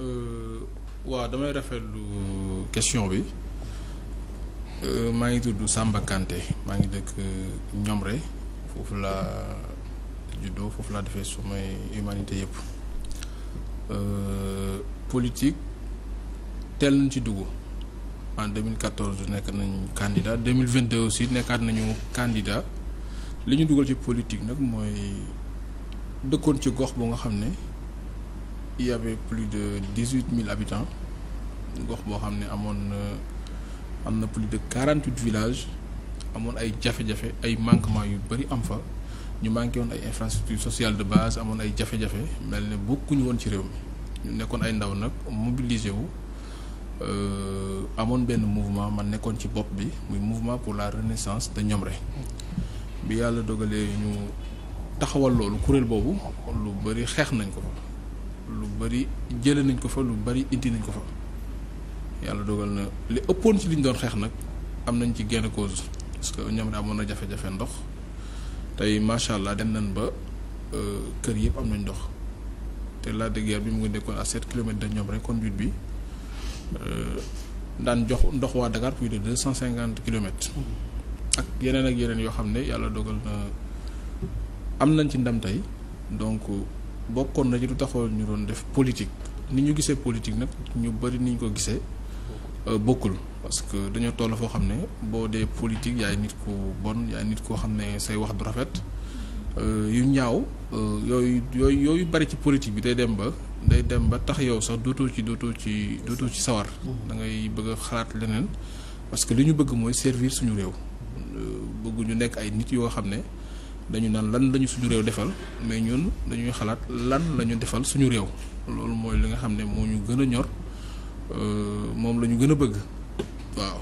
Euh, waaw damay rafetlu euh, question bi euh, maa ngi tudd Samba maa ngi dëkk Ñomre foofu laa juddoo foofu laa defee sumay humanité yëpp politique teel nañ ci dugg en 2014 nekk nañu mille vingt 2022 aussi nekkaat nañu candidat li ñu dugal ci politique nag mooy dëkkoon ci gox bu nga xam ne. il y avait plus de dix habitants gox boo xam ne amoon am na plus de quarante-huit villages amoon ay jafe-jafe ay manquements yu bëri am fa ñu manqué woon ay infrastructures sociales de base amoon ay jafe-jafe mel ne bokkuñu woon ci réew mi ñu nekkoon ay ndaw nag mobiliser wu euh, amoon benn mouvement ma nekkoon ci bopp bi muy mouvement pour la renaissance de Niomre bi yàlla dogalee ñu taxawal loolu kuréel boobu lu bëri xeex nañ ko fa lu bari jële nañ ko fa lu bari indi nañ ko fa yàlla dogal na li ëppoon si liñ doon xeex nag am nañ ci genn cause parce que ñoom daa mën a ndox tey macha allah dem nañ ba euh, kër yëpp am nañ ndox te la de bi mu ngi nekkoon à 7 kilomètres de ñoom rek conduite bi euh, daan jox ndox waa Dakar plus de cinquante kilomètres. ak yeneen ak yeneen yoo xam ne yàlla dogal na am nañ ci ndam tey donc. bokkoon na ci lu taxoon ñu doon def politique ni ñu gisee politique nag ñu bëri ni ñu ko gisee euh, bokkul parce que dañoo toll foo xam ne boo dee politique yaay nit ku bon yaay nit koo xam ne say wax du rafet euh, yu ñaaw euh, yooyu yooyu yooyu bëri ci politique bi day dem ba day dem ba tax yow sax dootoo ci dootoo ci dootoo ci sawar mm-hmm. da ngay bëgg xalaat leneen parce que li ñu bëgg mooy service suñu réew bëgg ñu nekk ay nit yoo xam ne dañu naan lan lañu suñu réew defal mais ñun dañuy xalaat lan la ñu defal suñu réew loolu mooy li nga xam ne moo ñu gën a ñor euh, moom la ñu gën a bëgg waaw.